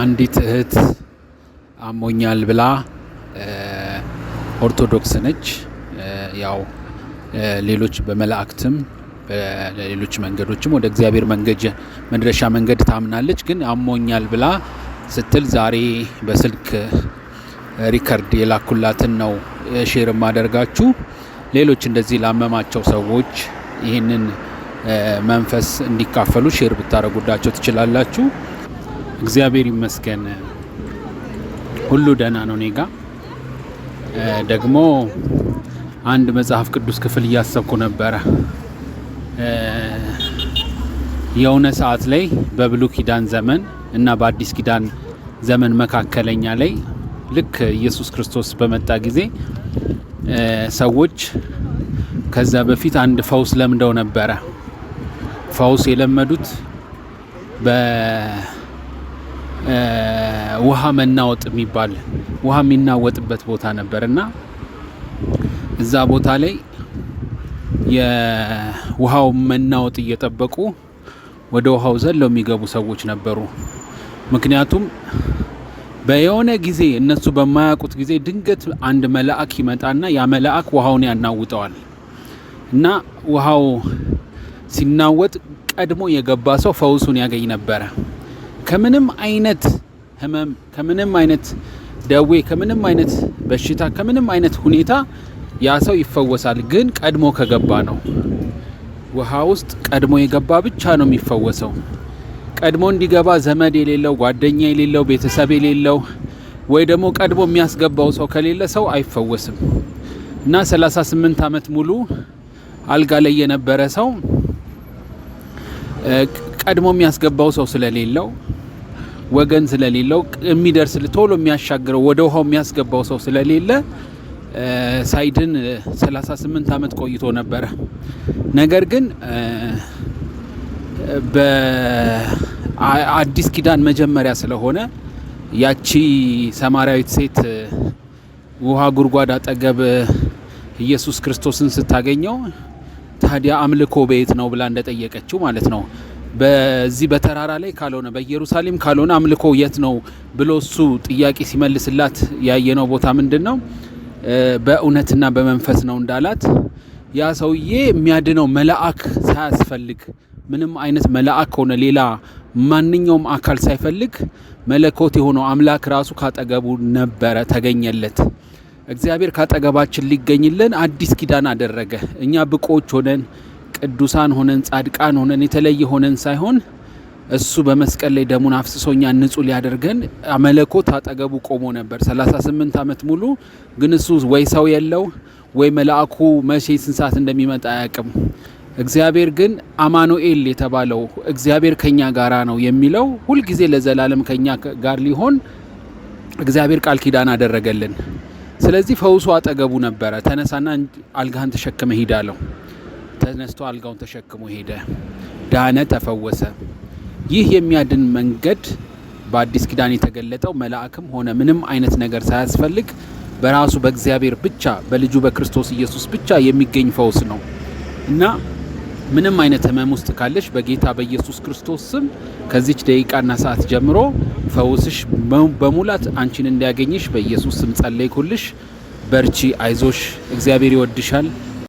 አንዲት እህት አሞኛል ብላ ኦርቶዶክስ ነች። ያው ሌሎች በመላእክትም በሌሎች መንገዶችም ወደ እግዚአብሔር መንገድ መድረሻ መንገድ ታምናለች። ግን አሞኛል ብላ ስትል ዛሬ በስልክ ሪከርድ የላኩላትን ነው ሼር ማደርጋችሁ። ሌሎች እንደዚህ ላመማቸው ሰዎች ይህንን መንፈስ እንዲካፈሉ ሼር ብታደርጉላቸው ትችላላችሁ። እግዚአብሔር ይመስገን ሁሉ ደህና ነው። ኔጋ ደግሞ አንድ መጽሐፍ ቅዱስ ክፍል እያሰብኩ ነበረ። የሆነ ሰዓት ላይ በብሉይ ኪዳን ዘመን እና በአዲስ ኪዳን ዘመን መካከለኛ ላይ ልክ ኢየሱስ ክርስቶስ በመጣ ጊዜ ሰዎች ከዛ በፊት አንድ ፈውስ ለምደው ነበረ። ፈውስ የለመዱት ውሃ መናወጥ የሚባል ውሃ የሚናወጥበት ቦታ ነበር እና እዛ ቦታ ላይ የውሃው መናወጥ እየጠበቁ ወደ ውሃው ዘለው የሚገቡ ሰዎች ነበሩ። ምክንያቱም በየሆነ ጊዜ እነሱ በማያውቁት ጊዜ ድንገት አንድ መልአክ ይመጣና ያ መልአክ ውሃውን ያናውጠዋል እና ውሃው ሲናወጥ ቀድሞ የገባ ሰው ፈውሱን ያገኝ ነበረ። ከምንም አይነት ህመም፣ ከምንም አይነት ደዌ፣ ከምንም አይነት በሽታ፣ ከምንም አይነት ሁኔታ ያ ሰው ይፈወሳል። ግን ቀድሞ ከገባ ነው። ውሃ ውስጥ ቀድሞ የገባ ብቻ ነው የሚፈወሰው። ቀድሞ እንዲገባ ዘመድ የሌለው ጓደኛ የሌለው ቤተሰብ የሌለው ወይ ደግሞ ቀድሞ የሚያስገባው ሰው ከሌለ ሰው አይፈወስም እና 38 ዓመት ሙሉ አልጋ ላይ የነበረ ሰው ቀድሞ የሚያስገባው ሰው ስለሌለው ወገን ስለሌለው የሚደርስ ቶሎ የሚያሻግረው ወደ ውሃው የሚያስገባው ሰው ስለሌለ ሳይድን 38 ዓመት ቆይቶ ነበረ። ነገር ግን በአዲስ ኪዳን መጀመሪያ ስለሆነ ያቺ ሰማሪያዊት ሴት ውሃ ጉድጓድ አጠገብ ኢየሱስ ክርስቶስን ስታገኘው ታዲያ አምልኮ በየት ነው ብላ እንደጠየቀችው ማለት ነው በዚህ በተራራ ላይ ካልሆነ በኢየሩሳሌም ካልሆነ አምልኮ የት ነው ብሎ እሱ ጥያቄ ሲመልስላት ያየነው ቦታ ምንድን ነው? በእውነትና በመንፈስ ነው እንዳላት ያ ሰውዬ የሚያድነው መልአክ ሳያስፈልግ ምንም አይነት መልአክ ከሆነ ሌላ ማንኛውም አካል ሳይፈልግ መለኮት የሆነው አምላክ ራሱ ካጠገቡ ነበረ፣ ተገኘለት። እግዚአብሔር ካጠገባችን ሊገኝልን አዲስ ኪዳን አደረገ። እኛ ብቆች ሆነን ቅዱሳን ሆነን ጻድቃን ሆነን የተለየ ሆነን ሳይሆን እሱ በመስቀል ላይ ደሙን አፍስሶኛ ንጹህ ሊያደርገን መለኮት አጠገቡ ቆሞ ነበር 38 ዓመት ሙሉ። ግን እሱ ወይ ሰው የለው ወይ መልአኩ መቼ ስንት ሰዓት እንደሚመጣ አያውቅም። እግዚአብሔር ግን አማኑኤል የተባለው እግዚአብሔር ከኛ ጋራ ነው የሚለው ሁልጊዜ ለዘላለም ከኛ ጋር ሊሆን እግዚአብሔር ቃል ኪዳን አደረገልን። ስለዚህ ፈውሱ አጠገቡ ነበረ። ተነሳና አልጋህን ተሸክመ ሄዳለው። ተነስቶ አልጋውን ተሸክሞ ሄደ፣ ዳነ፣ ተፈወሰ። ይህ የሚያድን መንገድ በአዲስ ኪዳን የተገለጠው መልአክም ሆነ ምንም አይነት ነገር ሳያስፈልግ በራሱ በእግዚአብሔር ብቻ በልጁ በክርስቶስ ኢየሱስ ብቻ የሚገኝ ፈውስ ነው እና ምንም አይነት ህመም ውስጥ ካለሽ በጌታ በኢየሱስ ክርስቶስ ስም ከዚች ደቂቃና ሰዓት ጀምሮ ፈውስሽ በሙላት አንቺን እንዲያገኝሽ በኢየሱስ ስም ጸለይኩልሽ። በርቺ፣ አይዞሽ፣ እግዚአብሔር ይወድሻል።